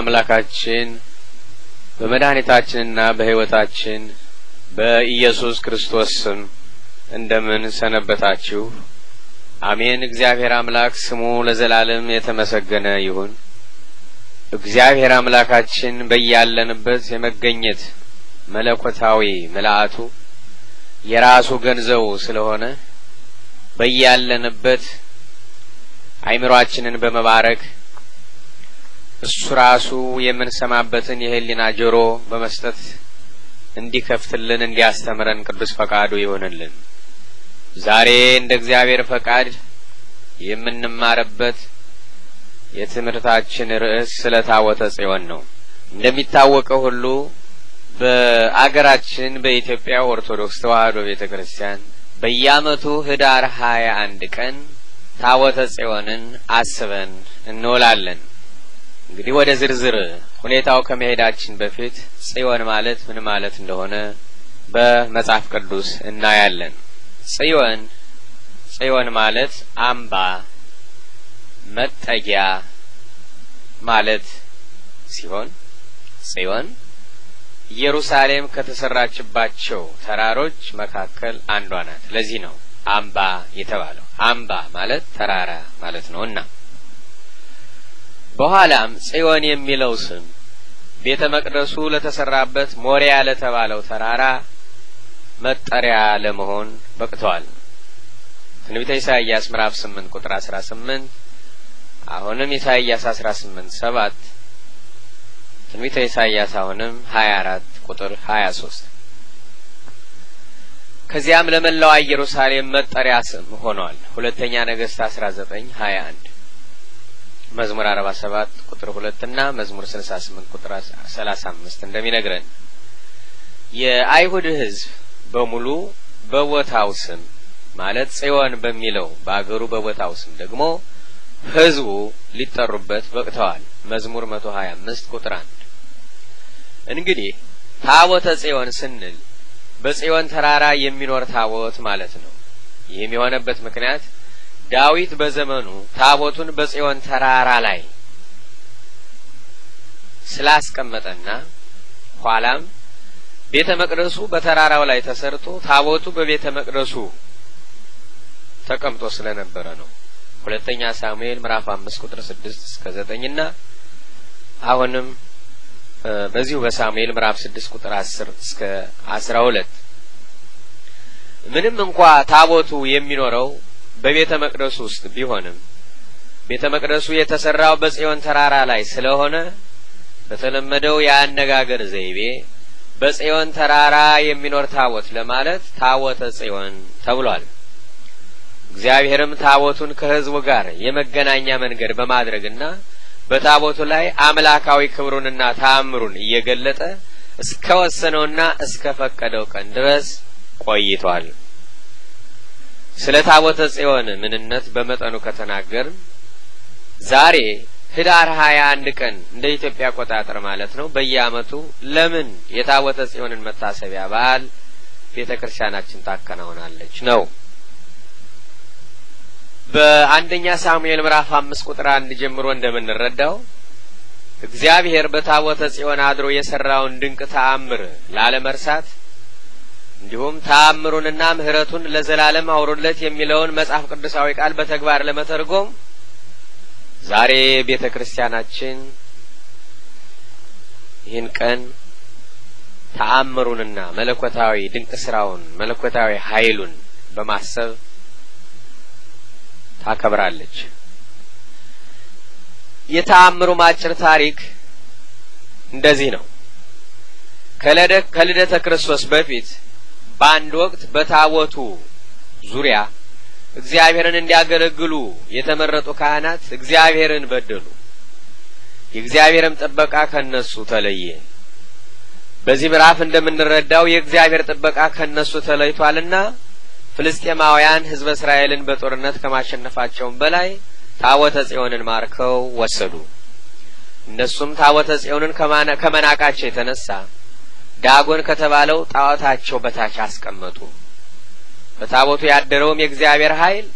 በአምላካችን በመድኃኒታችንና በሕይወታችን በኢየሱስ ክርስቶስ ስም እንደምን ሰነበታችሁ? አሜን። እግዚአብሔር አምላክ ስሙ ለዘላለም የተመሰገነ ይሁን። እግዚአብሔር አምላካችን በያለንበት የመገኘት መለኮታዊ ምልአቱ የራሱ ገንዘቡ ስለሆነ በያለንበት አይምሯችንን በመባረክ እሱ ራሱ የምንሰማበትን የህሊና ጆሮ በመስጠት እንዲከፍትልን እንዲያስተምረን ቅዱስ ፈቃዱ ይሆንልን። ዛሬ እንደ እግዚአብሔር ፈቃድ የምንማርበት የትምህርታችን ርዕስ ስለ ታቦተ ጽዮን ነው። እንደሚታወቀው ሁሉ በአገራችን በኢትዮጵያ ኦርቶዶክስ ተዋህዶ ቤተ ክርስቲያን በየአመቱ ህዳር ሀያ አንድ ቀን ታቦተ ጽዮንን አስበን እንውላለን። እንግዲህ ወደ ዝርዝር ሁኔታው ከመሄዳችን በፊት ጽዮን ማለት ምን ማለት እንደሆነ በመጽሐፍ ቅዱስ እናያለን። ጽዮን ጽዮን ማለት አምባ መጠጊያ ማለት ሲሆን ጽዮን ኢየሩሳሌም ከተሰራችባቸው ተራሮች መካከል አንዷ ናት። ለዚህ ነው አምባ የተባለው። አምባ ማለት ተራራ ማለት ነውና በኋላም ጽዮን የሚለው ስም ቤተ መቅደሱ ለተሰራበት ሞሪያ ለተባለው ተራራ መጠሪያ ለመሆን በቅተዋል። ትንቢተ ኢሳይያስ ምዕራፍ 8 ቁጥር 18 አሁንም ኢሳይያስ ስምንት ሰባት ትንቢተ ኢሳይያስ አሁንም 24 ቁጥር 23 ከዚያም ለመላዋ ኢየሩሳሌም መጠሪያ ስም ሆኗል። ሁለተኛ ነገሥት ሀያ አንድ መዝሙር አርባ ሰባት ቁጥር ሁለት እና መዝሙር ስልሳ ስምንት ቁጥር ሰላሳ አምስት እንደሚነግረን የአይሁድ ሕዝብ በሙሉ በቦታው ስም ማለት ጽዮን በሚለው በአገሩ በቦታው ስም ደግሞ ህዝቡ ሊጠሩበት በቅተዋል። መዝሙር መቶ ሀያ አምስት ቁጥር አንድ እንግዲህ ታቦተ ጽዮን ስንል በጽዮን ተራራ የሚኖር ታቦት ማለት ነው። ይህም የሆነበት ምክንያት ዳዊት በዘመኑ ታቦቱን በጽዮን ተራራ ላይ ስላስቀመጠና ኋላም ቤተ መቅደሱ በተራራው ላይ ተሰርቶ ታቦቱ በቤተ መቅደሱ ተቀምጦ ስለነበረ ነው። ሁለተኛ ሳሙኤል ምዕራፍ አምስት ቁጥር ስድስት እስከ ዘጠኝ ና አሁንም በዚሁ በሳሙኤል ምዕራፍ ስድስት ቁጥር አስር እስከ አስራ ሁለት ምንም እንኳ ታቦቱ የሚኖረው በቤተ መቅደሱ ውስጥ ቢሆንም ቤተ መቅደሱ የተሰራው በጽዮን ተራራ ላይ ስለሆነ በተለመደው የአነጋገር ዘይቤ በጽዮን ተራራ የሚኖር ታቦት ለማለት ታቦተ ጽዮን ተብሏል። እግዚአብሔርም ታቦቱን ከሕዝቡ ጋር የመገናኛ መንገድ በማድረግና በታቦቱ ላይ አምላካዊ ክብሩንና ታምሩን እየገለጠ እስከ ወሰነውና እስከ ፈቀደው ቀን ድረስ ቆይቷል። ስለ ታቦተ ጽዮን ምንነት በመጠኑ ከተናገርን ዛሬ ህዳር ሀያ አንድ ቀን እንደ ኢትዮጵያ አቆጣጠር ማለት ነው በየአመቱ ለምን የታቦተ ጽዮንን መታሰቢያ በዓል ቤተ ክርስቲያናችን ታከናውናለች ነው። በአንደኛ ሳሙኤል ምዕራፍ አምስት ቁጥር አንድ ጀምሮ እንደምንረዳው እግዚአብሔር በታቦተ ጽዮን አድሮ የሰራውን ድንቅ ተአምር ላለመርሳት እንዲሁም ተአምሩንና ምህረቱን ለዘላለም አውሮለት የሚለውን መጽሐፍ ቅዱሳዊ ቃል በተግባር ለመተርጎም ዛሬ ቤተ ክርስቲያናችን ይህን ቀን ተአምሩንና መለኮታዊ ድንቅ ስራውን መለኮታዊ ኃይሉን በማሰብ ታከብራለች። የተአምሩ አጭር ታሪክ እንደዚህ ነው። ከልደተ ክርስቶስ በፊት በአንድ ወቅት በታቦቱ ዙሪያ እግዚአብሔርን እንዲያገለግሉ የተመረጡ ካህናት እግዚአብሔርን በደሉ። የእግዚአብሔርም ጥበቃ ከነሱ ተለየ። በዚህ ምዕራፍ እንደምንረዳው የእግዚአብሔር ጥበቃ ከነሱ ተለይቷልና ፍልስጤማውያን ሕዝበ እስራኤልን በጦርነት ከማሸነፋቸውም በላይ ታቦተ ጽዮንን ማርከው ወሰዱ። እነሱም ታቦተ ጽዮንን ከመናቃቸው የተነሳ ዳጎን ከተባለው ጣዖታቸው በታች አስቀመጡ። በታቦቱ ያደረውም የእግዚአብሔር ኃይል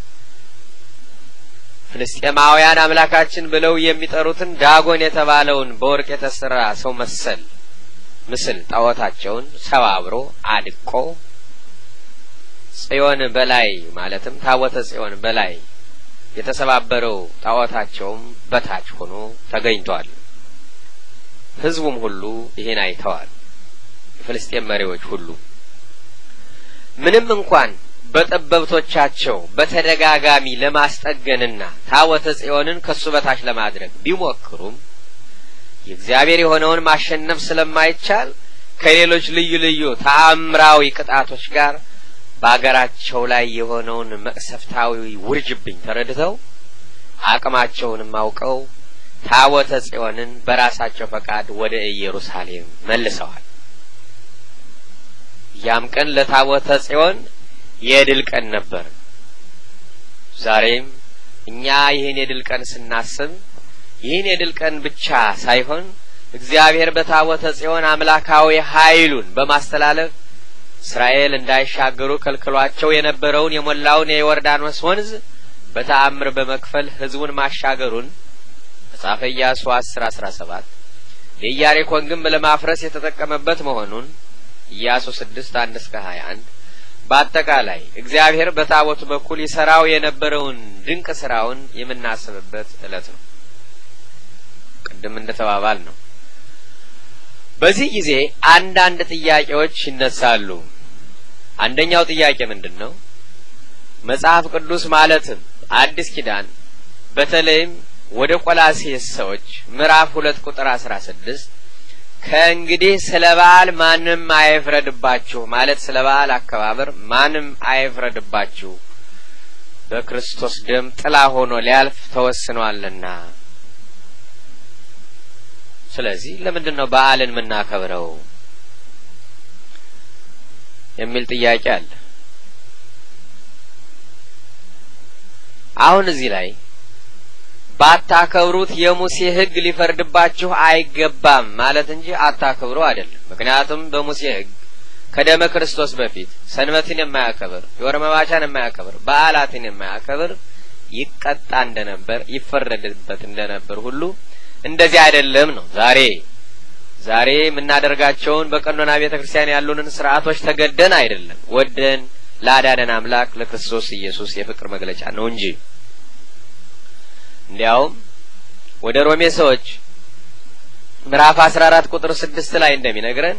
ፍልስጤማውያን አምላካችን ብለው የሚጠሩትን ዳጎን የተባለውን በወርቅ የተሰራ ሰው መሰል ምስል ጣዖታቸውን ሰባብሮ አድቆ ጽዮን በላይ ማለትም ታቦተ ጽዮን በላይ የተሰባበረው ጣዖታቸውም በታች ሆኖ ተገኝቷል። ሕዝቡም ሁሉ ይህን አይተዋል። የፍልስጤም መሪዎች ሁሉ ምንም እንኳን በጠበብቶቻቸው በተደጋጋሚ ለማስጠገንና ታወተ ጽዮንን ከሱ በታች ለማድረግ ቢሞክሩም የእግዚአብሔር የሆነውን ማሸነፍ ስለማይቻል ከሌሎች ልዩ ልዩ ተአምራዊ ቅጣቶች ጋር በአገራቸው ላይ የሆነውን መቅሰፍታዊ ውርጅብኝ ተረድተው አቅማቸውንም አውቀው ታወተ ጽዮንን በራሳቸው ፈቃድ ወደ ኢየሩሳሌም መልሰዋል። ያም ቀን ለታቦተ ጽዮን የድል ቀን ነበር። ዛሬም እኛ ይህን የድል ቀን ስናስብ ይህን የድል ቀን ብቻ ሳይሆን እግዚአብሔር በታቦተ ጽዮን አምላካዊ ኃይሉን በማስተላለፍ እስራኤል እንዳይሻገሩ ከልክሏቸው የነበረውን የሞላውን የዮርዳኖስ ወንዝ በተአምር በመክፈል ህዝቡን ማሻገሩን መጽሐፈ ኢያሱ አስር አስራ ሰባት የኢያሪኮን ግንብ ለማፍረስ የተጠቀመበት መሆኑን ኢያሱ ስድስት አንድ እስከ ሀያ አንድ በአጠቃላይ እግዚአብሔር በታቦት በኩል ይሰራው የነበረውን ድንቅ ስራውን የምናስብበት እለት ነው። ቅድም እንደተባባል ነው። በዚህ ጊዜ አንዳንድ ጥያቄዎች ይነሳሉ። አንደኛው ጥያቄ ምንድን ነው? መጽሐፍ ቅዱስ ማለትም አዲስ ኪዳን በተለይም ወደ ቆላሴ ሰዎች ምዕራፍ ሁለት ቁጥር አስራ ስድስት ከእንግዲህ ስለ በዓል ማንም አይፍረድባችሁ ማለት ስለ በዓል አከባበር ማንም አይፍረድባችሁ በክርስቶስ ደም ጥላ ሆኖ ሊያልፍ ተወስኗልና። ስለዚህ ለምንድን ነው በዓልን የምናከብረው የሚል ጥያቄ አለ። አሁን እዚህ ላይ ባታከብሩት የሙሴ ህግ ሊፈርድባችሁ አይገባም ማለት እንጂ አታከብሩ አይደለም። ምክንያቱም በሙሴ ህግ ከደመ ክርስቶስ በፊት ሰንበትን የማያከብር የወር መባቻን የማያከብር በዓላትን የማያከብር ይቀጣ እንደነበር ይፈረድበት እንደነበር ሁሉ እንደዚህ አይደለም ነው። ዛሬ ዛሬ የምናደርጋቸውን በቀኖና ቤተ ክርስቲያን ያሉንን ስርዓቶች ተገደን አይደለም፣ ወደን ላዳነን አምላክ ለክርስቶስ ኢየሱስ የፍቅር መግለጫ ነው እንጂ እንዲያውም ወደ ሮሜ ሰዎች ምዕራፍ አስራ አራት ቁጥር ስድስት ላይ እንደሚነግረን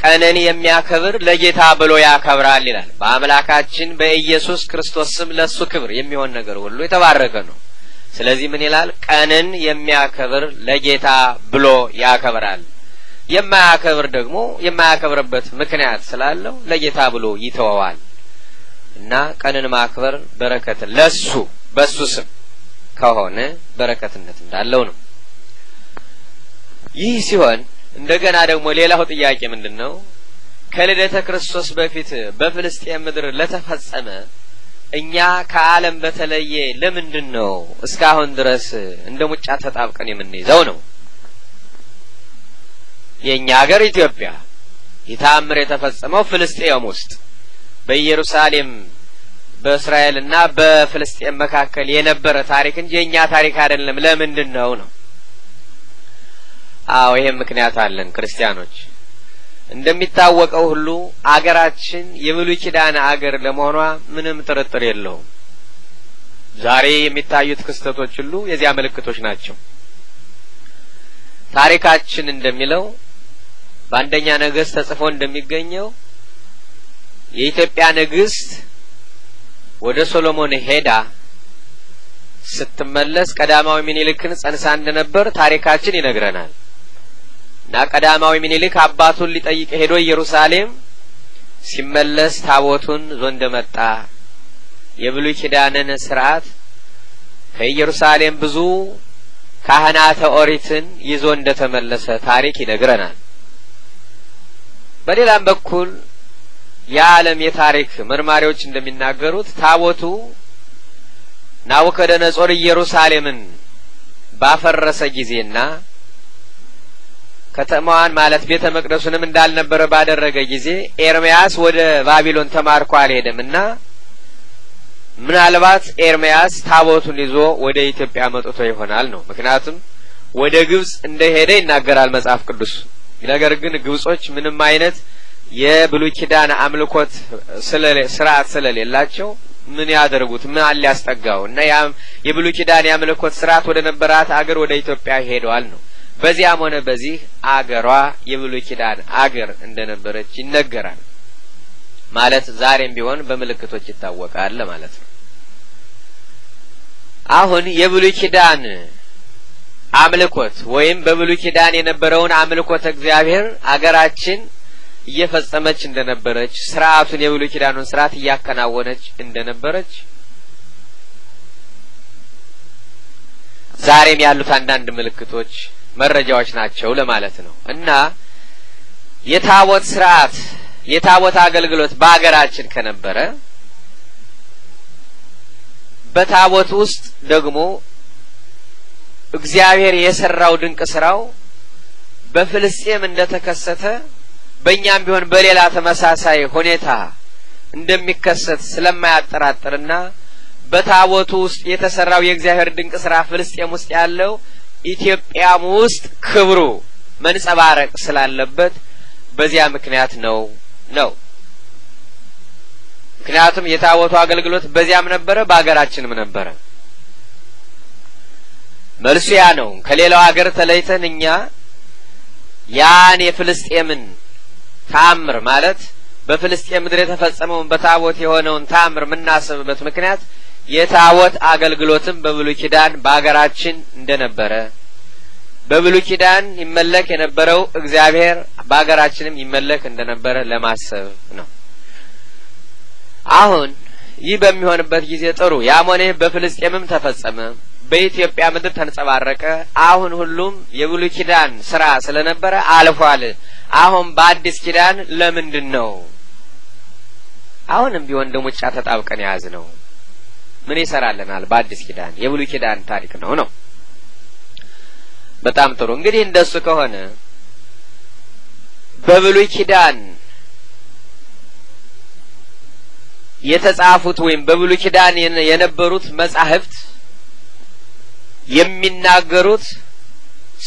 ቀንን የሚያከብር ለጌታ ብሎ ያከብራል ይላል። በአምላካችን በኢየሱስ ክርስቶስ ስም ለእሱ ክብር የሚሆን ነገር ሁሉ የተባረከ ነው። ስለዚህ ምን ይላል? ቀንን የሚያከብር ለጌታ ብሎ ያከብራል። የማያከብር ደግሞ የማያከብርበት ምክንያት ስላለው ለጌታ ብሎ ይተወዋል እና ቀንን ማክበር በረከት ለሱ በሱ ስም ከሆነ በረከትነት እንዳለው ነው። ይህ ሲሆን እንደገና ደግሞ ሌላው ጥያቄ ምንድን ነው? ከልደተ ክርስቶስ በፊት በፍልስጤም ምድር ለተፈጸመ እኛ ከዓለም በተለየ ለምንድን ነው እስካሁን ድረስ እንደ ሙጫ ተጣብቀን የምንይዘው ነው? የእኛ ሀገር ኢትዮጵያ የታምር የተፈጸመው ፍልስጤም ውስጥ በኢየሩሳሌም በእስራኤልና በፍልስጤን መካከል የነበረ ታሪክ እንጂ የእኛ ታሪክ አይደለም። ለምንድን ነው ነው? አዎ ይህም ምክንያት አለን። ክርስቲያኖች እንደሚታወቀው ሁሉ አገራችን የብሉይ ኪዳን አገር ለመሆኗ ምንም ጥርጥር የለውም። ዛሬ የሚታዩት ክስተቶች ሁሉ የዚያ ምልክቶች ናቸው። ታሪካችን እንደሚለው በአንደኛ ነገሥት ተጽፎ እንደሚገኘው የኢትዮጵያ ንግስት ወደ ሶሎሞን ሄዳ ስትመለስ ቀዳማዊ ሚኒልክን ጸንሳ እንደነበር ታሪካችን ይነግረናል። እና ቀዳማዊ ሚኒልክ አባቱን ሊጠይቅ ሄዶ ኢየሩሳሌም ሲመለስ ታቦቱን ዞ እንደመጣ የብሉይ ኪዳንን ስርዓት ከኢየሩሳሌም ብዙ ካህናተ ኦሪትን ይዞ እንደተመለሰ ታሪክ ይነግረናል። በሌላም በኩል የዓለም የታሪክ መርማሪዎች እንደሚናገሩት ታቦቱ ናቡከደነጾር ኢየሩሳሌምን ባፈረሰ ጊዜና ከተማዋን ማለት ቤተ መቅደሱንም እንዳልነበረ ባደረገ ጊዜ ኤርምያስ ወደ ባቢሎን ተማርኮ አልሄደምና ምናልባት ኤርምያስ ታቦቱን ይዞ ወደ ኢትዮጵያ መጥቶ ይሆናል ነው። ምክንያቱም ወደ ግብጽ እንደሄደ ይናገራል መጽሐፍ ቅዱስ። ነገር ግን ግብጾች ምንም አይነት የብሉይ ኪዳን አምልኮት ስርዓት ስለሌላቸው ምን ያደርጉት? ምን ያስጠጋው እና የብሉይ ኪዳን የአምልኮት ስርዓት ወደ ነበራት አገር ወደ ኢትዮጵያ ሄደዋል ነው። በዚያም ሆነ በዚህ አገሯ የብሉይ ኪዳን አገር እንደነበረች ይነገራል። ማለት ዛሬም ቢሆን በምልክቶች ይታወቃል ማለት ነው። አሁን የብሉይ ኪዳን አምልኮት ወይም በብሉይ ኪዳን የነበረውን አምልኮት እግዚአብሔር አገራችን እየፈጸመች እንደነበረች ስርዓቱን የብሉይ ኪዳኑን ስርዓት እያከናወነች እንደነበረች ዛሬም ያሉት አንዳንድ ምልክቶች መረጃዎች ናቸው ለማለት ነው እና የታቦት ስርዓት የታቦት አገልግሎት በአገራችን ከነበረ በታቦት ውስጥ ደግሞ እግዚአብሔር የሰራው ድንቅ ስራው በፍልስጤም እንደተከሰተ በእኛም ቢሆን በሌላ ተመሳሳይ ሁኔታ እንደሚከሰት ስለማያጠራጥርና በታቦቱ ውስጥ የተሰራው የእግዚአብሔር ድንቅ ስራ ፍልስጤም ውስጥ ያለው ኢትዮጵያም ውስጥ ክብሩ መንጸባረቅ ስላለበት በዚያ ምክንያት ነው ነው። ምክንያቱም የታቦቱ አገልግሎት በዚያም ነበረ፣ በአገራችንም ነበረ። መልሱ ያ ነው። ከሌላው አገር ተለይተን እኛ ያን የፍልስጤምን ታምር ማለት በፍልስጤም ምድር የተፈጸመውን በታቦት የሆነውን ታምር የምናስብበት ምክንያት የታቦት አገልግሎትም በብሉይ ኪዳን በአገራችን እንደነበረ በብሉይ ኪዳን ይመለክ የነበረው እግዚአብሔር በአገራችንም ይመለክ እንደነበረ ለማሰብ ነው። አሁን ይህ በሚሆንበት ጊዜ ጥሩ የአሞኔ በፍልስጤምም ተፈጸመ፣ በኢትዮጵያ ምድር ተንጸባረቀ። አሁን ሁሉም የብሉይ ኪዳን ስራ ስለነበረ አልፏል። አሁን በአዲስ ኪዳን ለምንድን ነው አሁንም ቢሆን እንደ ሙጫ ተጣብቀን የያዝ ነው? ምን ይሰራልናል? በአዲስ ኪዳን የብሉይ ኪዳን ታሪክ ነው ነው። በጣም ጥሩ እንግዲህ እንደሱ ከሆነ በብሉይ ኪዳን የተጻፉት ወይም በብሉይ ኪዳን የነበሩት መጻሕፍት የሚናገሩት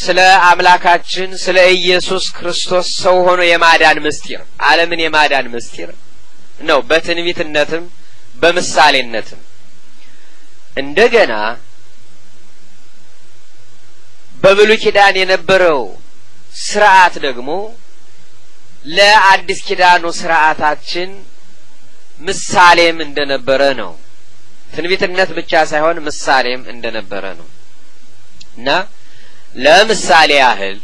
ስለ አምላካችን ስለ ኢየሱስ ክርስቶስ ሰው ሆኖ የማዳን ምስጢር ዓለምን የማዳን ምስጢር ነው። በትንቢትነትም በምሳሌነትም እንደገና በብሉይ ኪዳን የነበረው ስርዓት ደግሞ ለአዲስ ኪዳኑ ስርዓታችን ምሳሌም እንደነበረ ነው። ትንቢትነት ብቻ ሳይሆን ምሳሌም እንደነበረ ነው እና ለምሳሌ ያህል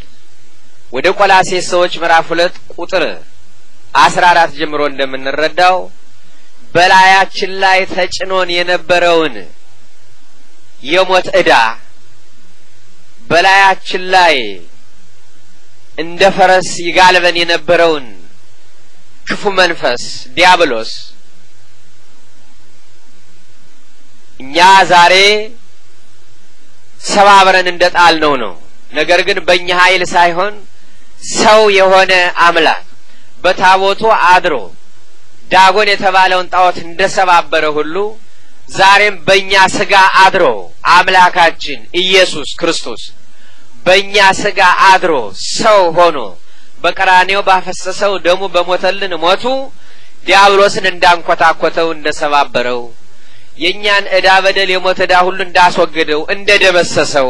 ወደ ቆላሴ ሰዎች ምዕራፍ ሁለት ቁጥር አስራ አራት ጀምሮ እንደምንረዳው በላያችን ላይ ተጭኖን የነበረውን የሞት እዳ በላያችን ላይ እንደ ፈረስ ይጋልበን የነበረውን ክፉ መንፈስ ዲያብሎስ እኛ ዛሬ ሰባብረን እንደ ጣል ነው ነው። ነገር ግን በእኛ ኃይል ሳይሆን ሰው የሆነ አምላክ በታቦቱ አድሮ ዳጎን የተባለውን ጣዖት እንደ ሰባበረ ሁሉ ዛሬም በእኛ ስጋ አድሮ አምላካችን ኢየሱስ ክርስቶስ በእኛ ስጋ አድሮ ሰው ሆኖ በቀራኔው ባፈሰሰው ደሙ በሞተልን ሞቱ ዲያብሎስን እንዳንኮታኮተው እንደሰባበረው የእኛን እዳ በደል የሞት ዕዳ ሁሉ እንዳስወገደው እንደ ደመሰሰው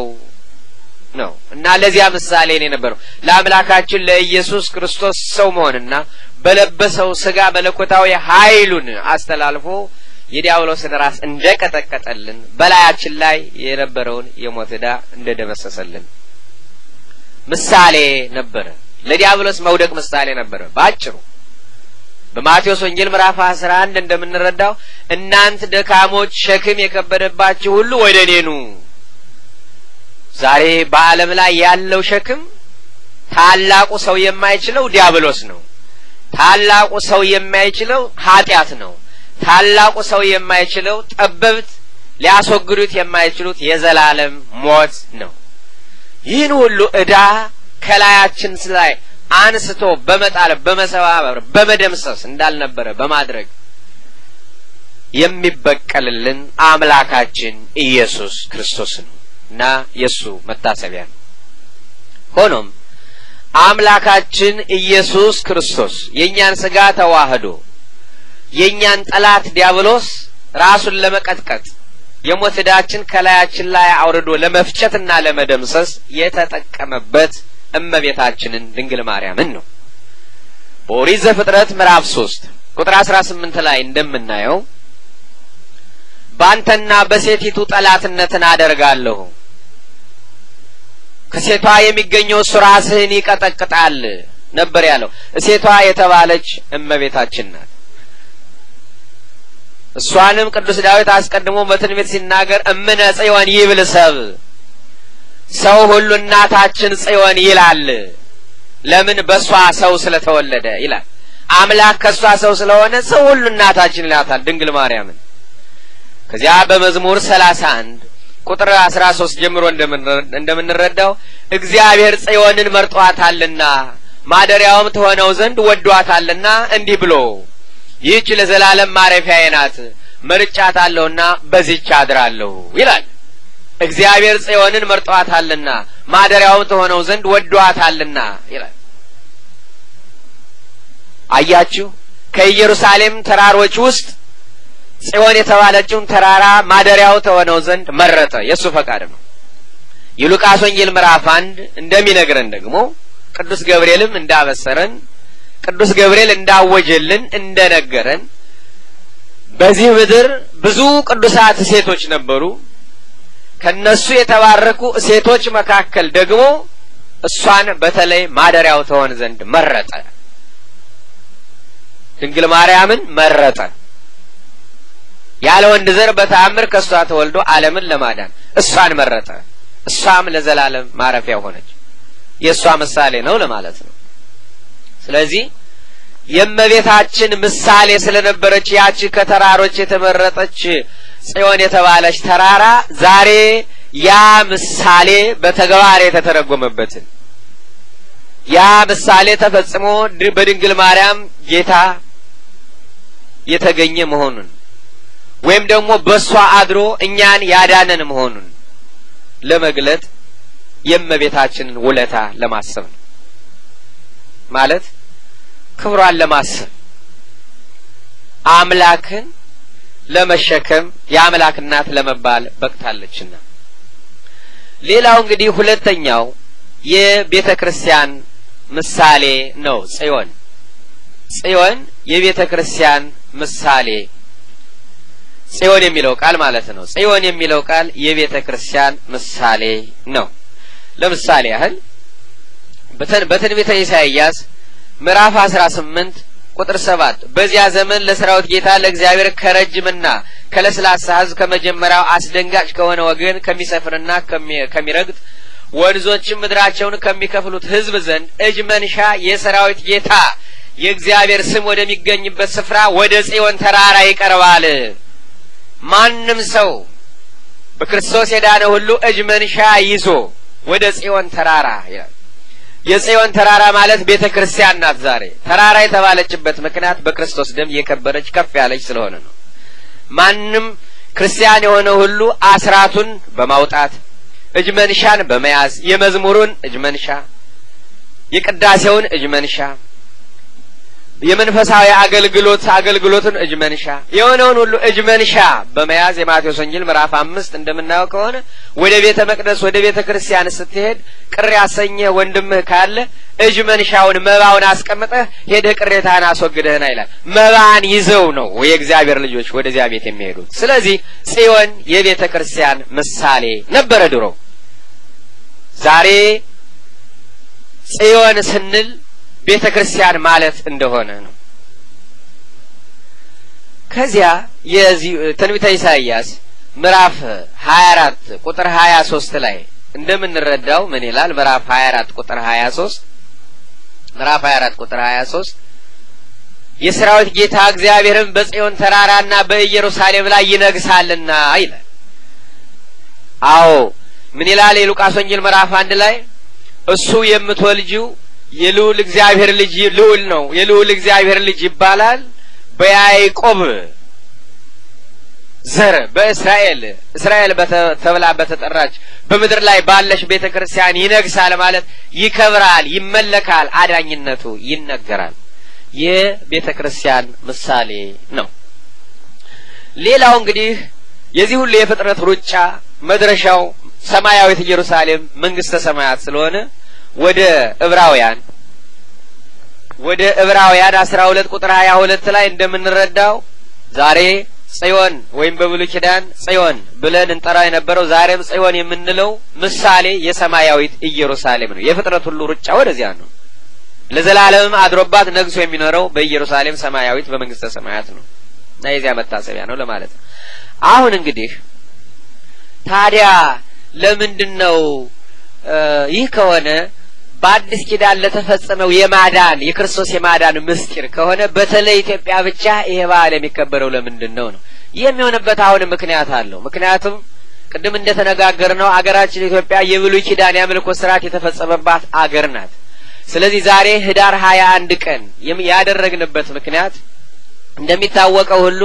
ነው እና ለዚያ ምሳሌ እኔ ነበረው ለአምላካችን ለኢየሱስ ክርስቶስ ሰው መሆንና በለበሰው ስጋ መለኮታዊ ሀይሉን አስተላልፎ የዲያብሎስን ራስ እንደ ቀጠቀጠልን በላያችን ላይ የነበረውን የሞት ዕዳ እንደ ደመሰሰልን ምሳሌ ነበረ። ለዲያብሎስ መውደቅ ምሳሌ ነበረ በአጭሩ። በማቴዎስ ወንጌል ምዕራፍ አስራ አንድ እንደምንረዳው እናንት ደካሞች ሸክም የከበደባችሁ ሁሉ ወደ እኔ ኑ። ዛሬ በአለም ላይ ያለው ሸክም ታላቁ ሰው የማይችለው ዲያብሎስ ነው። ታላቁ ሰው የማይችለው ኃጢአት ነው። ታላቁ ሰው የማይችለው ጠበብት ሊያስወግዱት የማይችሉት የዘላለም ሞት ነው። ይህን ሁሉ እዳ ከላያችን ላይ አንስቶ በመጣል በመሰባበር በመደምሰስ እንዳልነበረ በማድረግ የሚበቀልልን አምላካችን ኢየሱስ ክርስቶስ ነው እና የእሱ መታሰቢያ ነው። ሆኖም አምላካችን ኢየሱስ ክርስቶስ የእኛን ስጋ ተዋህዶ የእኛን ጠላት ዲያብሎስ ራሱን ለመቀጥቀጥ የሞት ዕዳችን ከላያችን ላይ አውርዶ ለመፍጨትና ለመደምሰስ የተጠቀመበት እመቤታችንን ድንግል ማርያምን ነው። በኦሪት ዘፍጥረት ምዕራፍ ሶስት ቁጥር አስራ ስምንት ላይ እንደምናየው ባንተና በሴቲቱ ጠላትነትን አደርጋለሁ፣ ከሴቷ የሚገኘው ራስህን ይቀጠቅጣል ነበር ያለው። ሴቷ የተባለች እመቤታችን ናት። እሷንም ቅዱስ ዳዊት አስቀድሞ በትንቢት ሲናገር እምነ ጽዮን ይብል ሰብ ሰው ሁሉ እናታችን ጽዮን ይላል። ለምን በእሷ ሰው ስለተወለደ ይላል። አምላክ ከእሷ ሰው ስለሆነ ሰው ሁሉ እናታችን ይላታል ድንግል ማርያምን። ከዚያ በመዝሙር ሰላሳ አንድ ቁጥር አስራ ሶስት ጀምሮ እንደምንረዳው እግዚአብሔር ጽዮንን መርጧታልና ማደሪያውም ትሆነው ዘንድ ወዷታልና እንዲህ ብሎ ይህች ለዘላለም ማረፊያዬ ናት መርጫታለሁና በዚች አድራለሁ ይላል። እግዚአብሔር ጽዮንን መርጧታልና ማደሪያውም ትሆነው ዘንድ ወዷታልና ይላል። አያችሁ ከኢየሩሳሌም ተራሮች ውስጥ ጽዮን የተባለችውን ተራራ ማደሪያው ተሆነው ዘንድ መረጠ። የእሱ ፈቃድ ነው። የሉቃስ ወንጌል ምዕራፍ አንድ እንደሚነግረን ደግሞ ቅዱስ ገብርኤልም እንዳበሰረን ቅዱስ ገብርኤል እንዳወጀልን እንደነገረን በዚህ ምድር ብዙ ቅዱሳት ሴቶች ነበሩ። ከነሱ የተባረኩ ሴቶች መካከል ደግሞ እሷን በተለይ ማደሪያው ተሆን ዘንድ መረጠ። ድንግል ማርያምን መረጠ። ያለ ወንድ ዘር በተአምር ከእሷ ተወልዶ ዓለምን ለማዳን እሷን መረጠ። እሷም ለዘላለም ማረፊያ ሆነች። የእሷ ምሳሌ ነው ለማለት ነው። ስለዚህ የእመቤታችን ምሳሌ ስለነበረች ያቺ ከተራሮች የተመረጠች ጽዮን የተባለች ተራራ ዛሬ ያ ምሳሌ በተግባር የተተረጎመበትን ያ ምሳሌ ተፈጽሞ በድንግል ማርያም ጌታ የተገኘ መሆኑን ወይም ደግሞ በእሷ አድሮ እኛን ያዳነን መሆኑን ለመግለጥ የእመቤታችንን ውለታ ለማሰብ ነው። ማለት ክብሯን ለማሰብ አምላክን ለመሸከም የአምላክ እናት ለመባል በቅታለችና። ሌላው እንግዲህ ሁለተኛው የቤተ ክርስቲያን ምሳሌ ነው። ጽዮን ጽዮን የቤተ ክርስቲያን ምሳሌ ጽዮን የሚለው ቃል ማለት ነው። ጽዮን የሚለው ቃል የቤተ ክርስቲያን ምሳሌ ነው። ለምሳሌ ያህል በትንቢተ ኢሳይያስ ምዕራፍ አስራ ስምንት ቁጥር ሰባት በዚያ ዘመን ለሰራዊት ጌታ ለእግዚአብሔር ከረጅምና ከለስላሳ ህዝብ ከመጀመሪያው አስደንጋጭ ከሆነ ወገን ከሚሰፍርና ከሚረግጥ ወንዞችም ምድራቸውን ከሚከፍሉት ህዝብ ዘንድ እጅ መንሻ የሰራዊት ጌታ የእግዚአብሔር ስም ወደሚገኝበት ስፍራ ወደ ጽዮን ተራራ ይቀርባል። ማንም ሰው በክርስቶስ የዳነ ሁሉ እጅ መንሻ ይዞ ወደ ጽዮን ተራራ ይላል። የጽዮን ተራራ ማለት ቤተ ክርስቲያን ናት። ዛሬ ተራራ የተባለችበት ምክንያት በክርስቶስ ደም የከበረች ከፍ ያለች ስለሆነ ነው። ማንም ክርስቲያን የሆነ ሁሉ አስራቱን በማውጣት እጅ መንሻን በመያዝ የመዝሙሩን እጅ መንሻ፣ የቅዳሴውን እጅ መንሻ የመንፈሳዊ አገልግሎት አገልግሎትን እጅ መንሻ የሆነውን ሁሉ እጅ መንሻ በመያዝ የማቴዎስ ወንጌል ምዕራፍ አምስት እንደምናየው ከሆነ ወደ ቤተ መቅደስ ወደ ቤተ ክርስቲያን ስትሄድ ቅር ያሰኘህ ወንድምህ ካለ እጅ መንሻውን መባውን አስቀምጠህ ሄደህ ቅሬታህን አስወግደህና ይላል። መባን ይዘው ነው የእግዚአብሔር ልጆች ወደዚያ ቤት የሚሄዱት። ስለዚህ ጽዮን የቤተ ክርስቲያን ምሳሌ ነበረ ድሮ። ዛሬ ጽዮን ስንል ቤተ ክርስቲያን ማለት እንደሆነ ነው። ከዚያ የዚህ ትንቢተ ኢሳይያስ ምዕራፍ ሀያ አራት ቁጥር ሀያ ሶስት ላይ እንደምንረዳው ምን ይላል? ምዕራፍ ሀያ አራት ቁጥር ሀያ ሶስት ምዕራፍ ሀያ አራት ቁጥር ሀያ ሶስት የሰራዊት ጌታ እግዚአብሔርም በጽዮን ተራራና በኢየሩሳሌም ላይ ይነግሳልና ይላል። አዎ ምን ይላል? የሉቃስ ወንጌል ምዕራፍ አንድ ላይ እሱ የምትወልጂው የልዑል እግዚአብሔር ልጅ ልዑል ነው፣ የልዑል እግዚአብሔር ልጅ ይባላል። በያዕቆብ ዘር በእስራኤል እስራኤል ተብላ በተጠራች በምድር ላይ ባለች ቤተ ክርስቲያን ይነግሳል ማለት ይከብራል፣ ይመለካል፣ አዳኝነቱ ይነገራል። ቤተ ክርስቲያን ምሳሌ ነው። ሌላው እንግዲህ የዚህ ሁሉ የፍጥረት ሩጫ መድረሻው ሰማያዊት ኢየሩሳሌም መንግስተ ሰማያት ስለሆነ ወደ እብራውያን ወደ እብራውያን አስራ ሁለት ቁጥር ሀያ ሁለት ላይ እንደምንረዳው ዛሬ ጽዮን ወይም በብሉይ ኪዳን ጽዮን ብለን እንጠራ የነበረው ዛሬም ጽዮን የምንለው ምሳሌ የሰማያዊት ኢየሩሳሌም ነው። የፍጥረት ሁሉ ሩጫ ወደዚያ ነው። ለዘላለምም አድሮባት ነግሶ የሚኖረው በኢየሩሳሌም ሰማያዊት በመንግስተ ሰማያት ነው እና የዚያ መታሰቢያ ነው ለማለት ነው። አሁን እንግዲህ ታዲያ ለምንድን ነው ይህ ከሆነ በአዲስ ኪዳን ለተፈጸመው የማዳን የክርስቶስ የማዳን ምስጢር ከሆነ በተለይ ኢትዮጵያ ብቻ ይሄ በዓል የሚከበረው ለምንድን ነው ነው? የሚሆንበት አሁን ምክንያት አለው። ምክንያቱም ቅድም እንደተነጋገር ነው አገራችን ኢትዮጵያ የብሉይ ኪዳን የአምልኮ ስርዓት የተፈጸመባት አገር ናት። ስለዚህ ዛሬ ህዳር ሀያ አንድ ቀን ያደረግንበት ምክንያት እንደሚታወቀው ሁሉ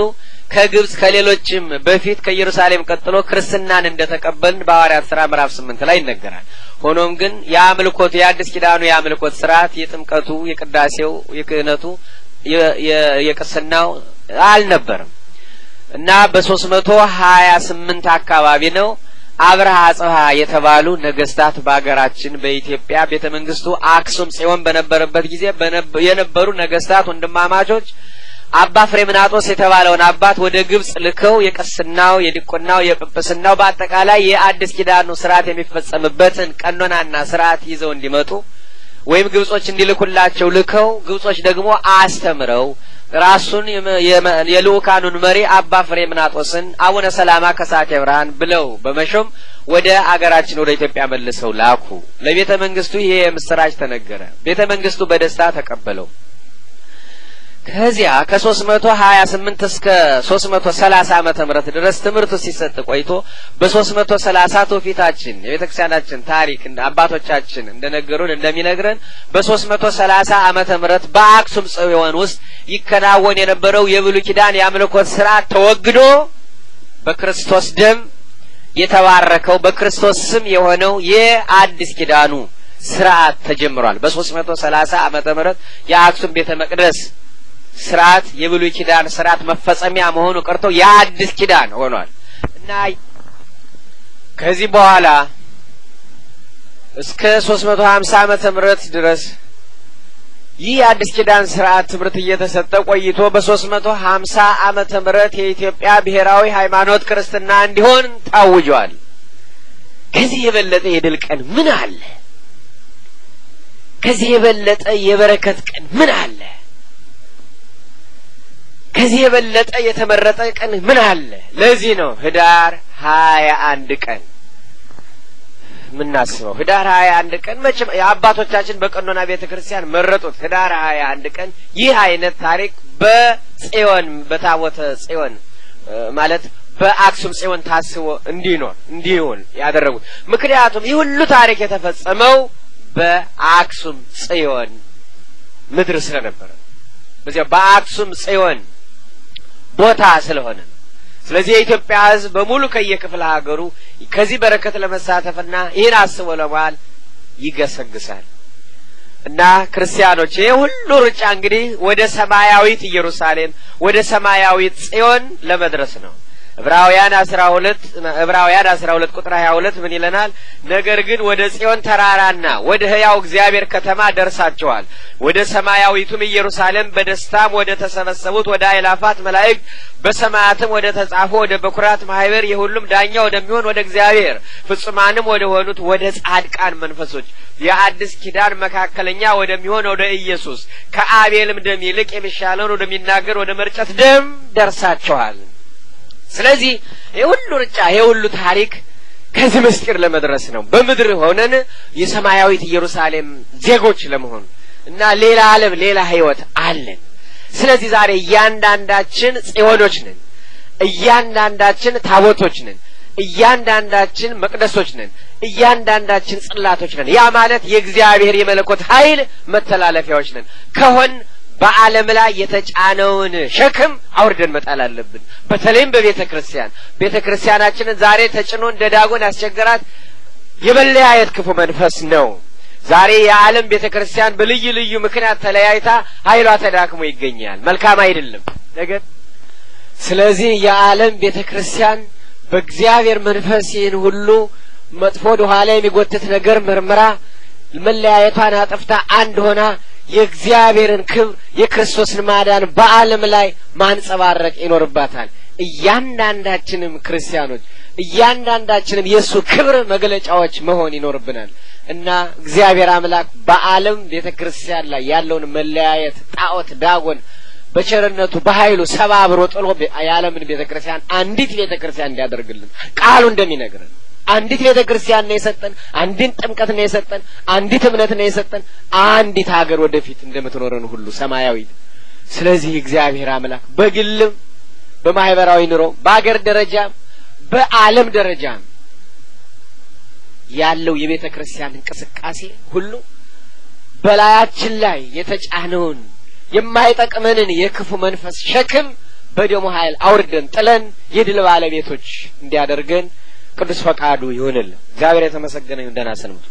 ከግብጽ ከሌሎችም በፊት ከኢየሩሳሌም ቀጥሎ ክርስትናን እንደተቀበልን በሐዋርያት ስራ ምዕራፍ ስምንት ላይ ይነገራል። ሆኖም ግን የአምልኮቱ የአዲስ ኪዳኑ የአምልኮት ስርዓት የጥምቀቱ፣ የቅዳሴው፣ የክህነቱ፣ የቅስናው አልነበርም እና በሶስት መቶ ሀያ ስምንት አካባቢ ነው አብርሃ አጽብሃ የተባሉ ነገስታት በሀገራችን በኢትዮጵያ ቤተ መንግስቱ አክሱም ጽዮን በነበረበት ጊዜ የነበሩ ነገስታት ወንድማማቾች አባ ፍሬምናጦስ የተባለውን አባት ወደ ግብጽ ልከው የቅስናው፣ የዲቁናው፣ የጵጵስናው በአጠቃላይ የአዲስ ኪዳኑ ስርዓት የሚፈጸምበትን ቀኖናና ስርዓት ይዘው እንዲመጡ ወይም ግብጾች እንዲልኩላቸው ልከው ግብጾች ደግሞ አስተምረው ራሱን የልኡካኑን መሪ አባ ፍሬምናጦስን አቡነ ሰላማ ከሳቴ ብርሃን ብለው በመሾም ወደ አገራችን ወደ ኢትዮጵያ መልሰው ላኩ። ለቤተ መንግስቱ ይሄ የምስራች ተነገረ። ቤተ መንግስቱ በደስታ ተቀበለው። ከዚያ ከ328 እስከ 330 ዓመተ ምህረት ድረስ ትምህርቱ ሲሰጥ ቆይቶ በ330 ትውፊታችን የቤተክርስቲያናችን ክርስቲያናችን ታሪክ አባቶቻችን እንደነገሩን እንደሚነግረን በ330 ዓመተ ምህረት በአክሱም ጽዮን ውስጥ ይከናወን የነበረው የብሉ ኪዳን የአምልኮት ስርዓት ተወግዶ በክርስቶስ ደም የተባረከው በክርስቶስ ስም የሆነው የአዲስ ኪዳኑ ስርዓት ተጀምሯል። በ330 ዓመተ ምህረት የአክሱም ቤተ መቅደስ ስርዓት የብሉይ ኪዳን ስርዓት መፈጸሚያ መሆኑ ቀርቶ የአዲስ ኪዳን ሆኗል እና ከዚህ በኋላ እስከ ሶስት መቶ ሀምሳ አመተ ምህረት ድረስ ይህ የአዲስ ኪዳን ስርዓት ትምህርት እየተሰጠ ቆይቶ በሶስት መቶ ሀምሳ አመተ ምህረት የኢትዮጵያ ብሔራዊ ሃይማኖት ክርስትና እንዲሆን ታውጇል። ከዚህ የበለጠ የድል ቀን ምን አለ? ከዚህ የበለጠ የበረከት ቀን ምን አለ? ከዚህ የበለጠ የተመረጠ ቀን ምን አለ? ለዚህ ነው ህዳር ሀያ አንድ ቀን የምናስበው። ህዳር ሀያ አንድ ቀን መቼም የአባቶቻችን በቀኖና ቤተ ክርስቲያን መረጡት። ህዳር ሀያ አንድ ቀን ይህ አይነት ታሪክ በጽዮን በታቦተ ጽዮን ማለት በአክሱም ጽዮን ታስቦ እንዲኖር እንዲሆን ያደረጉት ምክንያቱም ይህ ሁሉ ታሪክ የተፈጸመው በአክሱም ጽዮን ምድር ስለነበረ በዚያ በአክሱም ጽዮን ቦታ ስለሆነ ነው። ስለዚህ የኢትዮጵያ ሕዝብ በሙሉ ከየክፍለ ሀገሩ ከዚህ በረከት ለመሳተፍና ይህን አስቦ ለመዋል ይገሰግሳል እና ክርስቲያኖች ይህ ሁሉ ሩጫ እንግዲህ ወደ ሰማያዊት ኢየሩሳሌም ወደ ሰማያዊት ጽዮን ለመድረስ ነው። ዕብራውያን አስራ ሁለት ዕብራውያን አስራ ሁለት ቁጥር ሀያ ሁለት ምን ይለናል? ነገር ግን ወደ ጽዮን ተራራና ወደ ህያው እግዚአብሔር ከተማ ደርሳችኋል፣ ወደ ሰማያዊቱም ኢየሩሳሌም በደስታም ወደ ተሰበሰቡት ወደ አይላፋት መላእክት በሰማያትም ወደ ተጻፉ ወደ በኩራት ማህበር የሁሉም ዳኛ ወደሚሆን ወደ እግዚአብሔር ፍጹማንም ወደ ሆኑት ወደ ጻድቃን መንፈሶች የአዲስ ኪዳን መካከለኛ ወደሚሆን ወደ ኢየሱስ ከአቤልም ደም ይልቅ የሚሻለውን ወደሚናገር ወደ መርጨት ደም ደርሳችኋል። ስለዚህ የሁሉ ሁሉ ርጫ ይህ ሁሉ ታሪክ ከዚህ ምስጢር ለመድረስ ነው፣ በምድር ሆነን የሰማያዊት ኢየሩሳሌም ዜጎች ለመሆን እና ሌላ ዓለም ሌላ ህይወት አለን። ስለዚህ ዛሬ እያንዳንዳችን ጽዮኖች ነን፣ እያንዳንዳችን ታቦቶች ነን፣ እያንዳንዳችን መቅደሶች ነን፣ እያንዳንዳችን ጽላቶች ነን። ያ ማለት የእግዚአብሔር የመለኮት ኃይል መተላለፊያዎች ነን ከሆን በዓለም ላይ የተጫነውን ሸክም አውርደን መጣል አለብን። በተለይም በቤተ ክርስቲያን ቤተ ክርስቲያናችንን ዛሬ ተጭኖ እንደ ዳጎን ያስቸገራት የመለያየት ክፉ መንፈስ ነው። ዛሬ የዓለም ቤተ ክርስቲያን በልዩ ልዩ ምክንያት ተለያይታ ኃይሏ ተዳክሞ ይገኛል። መልካም አይደለም ነገር። ስለዚህ የዓለም ቤተ ክርስቲያን በእግዚአብሔር መንፈስ ይህን ሁሉ መጥፎ ወደኋላ ኋላ የሚጎትት ነገር መርምራ መለያየቷን አጥፍታ አንድ ሆና የእግዚአብሔርን ክብር የክርስቶስን ማዳን በዓለም ላይ ማንጸባረቅ ይኖርባታል። እያንዳንዳችንም ክርስቲያኖች እያንዳንዳችንም የእሱ ክብር መግለጫዎች መሆን ይኖርብናል እና እግዚአብሔር አምላክ በዓለም ቤተ ክርስቲያን ላይ ያለውን መለያየት ጣዖት፣ ዳጎን በቸርነቱ በኃይሉ ሰባብሮ ጥሎ የዓለምን ቤተ ክርስቲያን አንዲት ቤተ ክርስቲያን እንዲያደርግልን ቃሉ እንደሚነግርን አንዲት ቤተ ክርስቲያን ነው የሰጠን፣ አንዲት ጥምቀት ነው የሰጠን፣ አንዲት እምነት ነው የሰጠን፣ አንዲት ሀገር ወደፊት እንደምትኖረን ሁሉ ሰማያዊ። ስለዚህ እግዚአብሔር አምላክ በግልም በማህበራዊ ኑሮ በአገር ደረጃም በዓለም ደረጃም ያለው የቤተ ክርስቲያን እንቅስቃሴ ሁሉ በላያችን ላይ የተጫነውን የማይጠቅመንን የክፉ መንፈስ ሸክም በደሞ ኃይል አውርደን ጥለን የድል ባለቤቶች እንዲያደርገን ቅዱስ ፈቃዱ ይሁንልን። እግዚአብሔር የተመሰገነ ይሁን። ደህና ሰንብቱ።